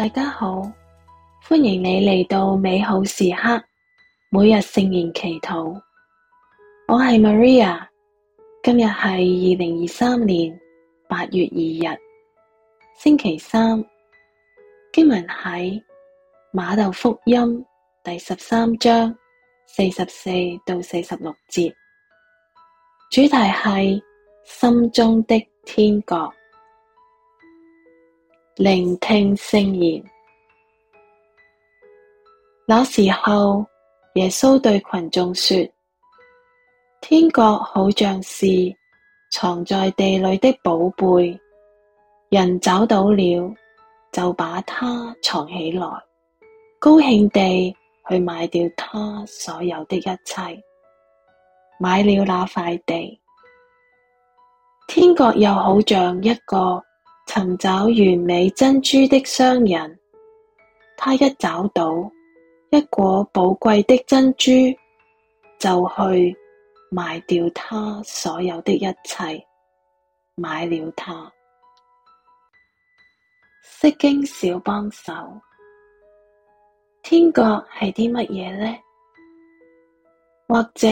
大家好，歡迎你嚟到美好時刻，每日聖言祈禱。我係 Maria，今日係二零二三年八月二日，星期三。經文喺馬竇福音第十三章四十四到四十六節，主題係心中的天國。聆聽聖言。那時候，耶穌對群眾說：天國好像是藏在地裡的寶貝，人找到了就把它藏起來，高興地去賣掉他所有的一切，買了那塊地。天國又好像一個尋找完美珍珠的商人，他一找到一顆寶貴的珍珠，就去賣掉他所有的一切，買了它。釋經小幫手，天國係啲乜嘢呢？或者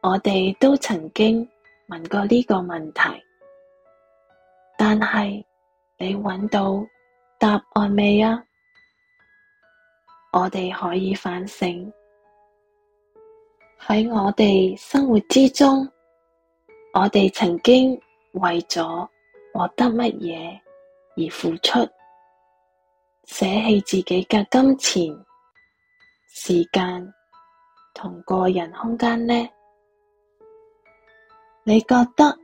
我哋都曾經問過呢個問題，但係。你揾到答案未啊？我哋可以反省喺我哋生活之中，我哋曾經為咗獲得乜嘢而付出，捨棄自己嘅金錢、時間同個人空間呢？你覺得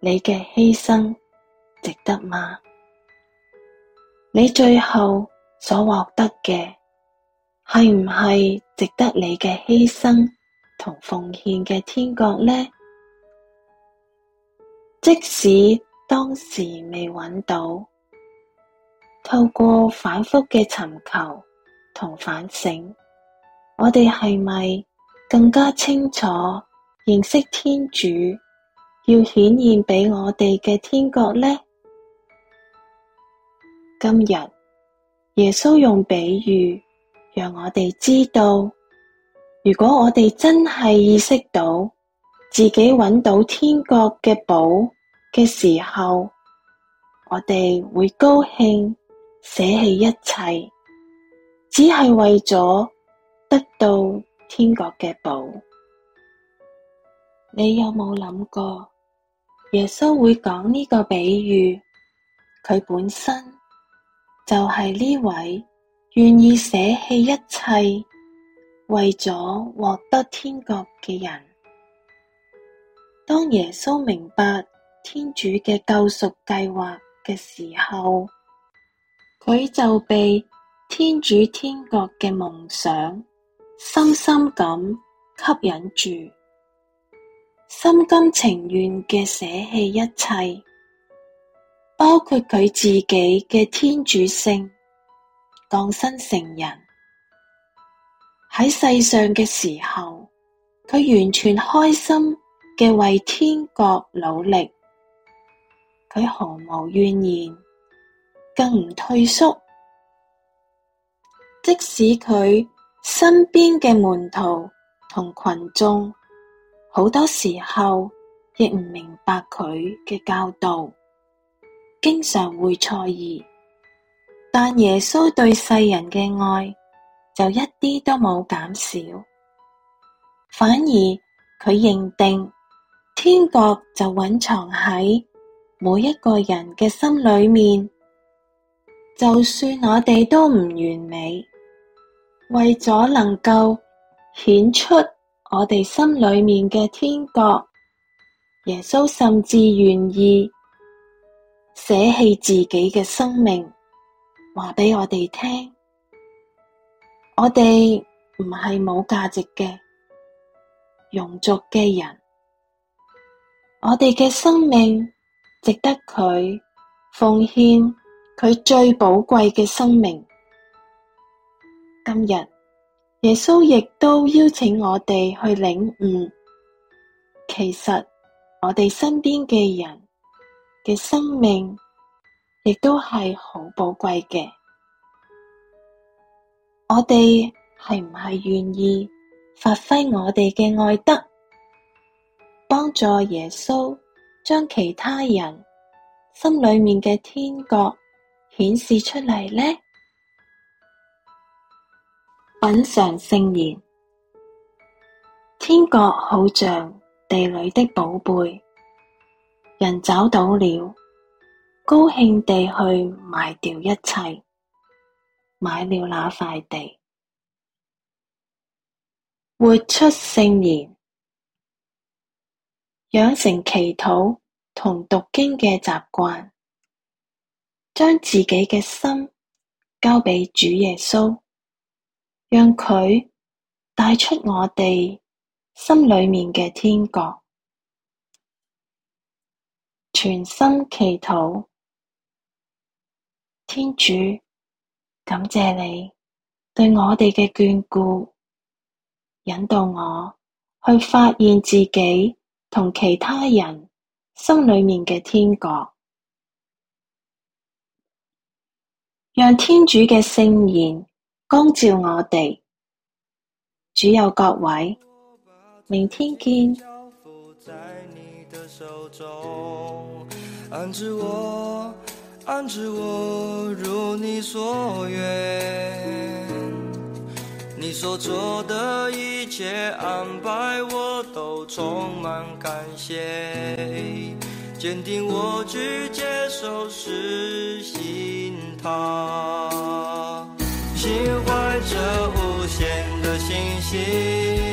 你嘅犧牲值得嗎？你最後所獲得嘅，係唔係值得你嘅犧牲同奉獻嘅天國呢？即使當時未揾到，透過反復嘅尋求同反省，我哋係咪更加清楚認識天主要顯現畀我哋嘅天國呢？今日耶穌用比喻，讓我哋知道，如果我哋真係意識到自己揾到天國嘅寶嘅時候，我哋會高興捨棄一切，只係為咗得到天國嘅寶。你有冇諗過耶穌會講呢個比喻？佢本身，就係呢位願意捨棄一切，為咗獲得天國嘅人。當耶穌明白天主嘅救贖計劃嘅時候，佢就被天主天國嘅夢想深深咁吸引住，心甘情願嘅捨棄一切。包括佢自己嘅天主性，降身成人。喺世上嘅時候，佢完全開心嘅為天國努力，佢毫無怨言，更唔退縮。即使佢身邊嘅門徒同群眾好多時候亦唔明白佢嘅教導。經常會錯意，但耶穌對世人嘅愛就一啲都冇減少，反而佢認定天國就蘊藏喺每一個人嘅心裏面。就算我哋都唔完美，為咗能夠顯出我哋心裏面嘅天國，耶穌甚至願意。捨棄自己嘅生命，話畀我哋聽，我哋唔係冇價值嘅庸俗嘅人，我哋嘅生命值得佢奉獻佢最寶貴嘅生命。今日耶穌亦都邀請我哋去領悟，其實我哋身邊嘅人。嘅生命亦都係好寶貴嘅，我哋係唔係願意發揮我哋嘅愛德，幫助耶穌將其他人心裏面嘅天國顯示出嚟呢？品嘗聖言，天國好像地裏的寶貝。人找到了，高興地去賣掉一切，買了那塊地，活出聖言，養成祈禱同讀經嘅習慣，將自己嘅心交畀主耶穌，讓佢帶出我哋心裏面嘅天國。全心祈禱，天主，感謝你對我哋嘅眷顧，引導我去發現自己同其他人心裏面嘅天國，讓天主嘅聖言光照我哋。主佑各位，明天見。手中安置我，安置我如你所願。你所做的一切安排，我都充滿感謝。堅定我去接受，實行它，心懷着無限的信心。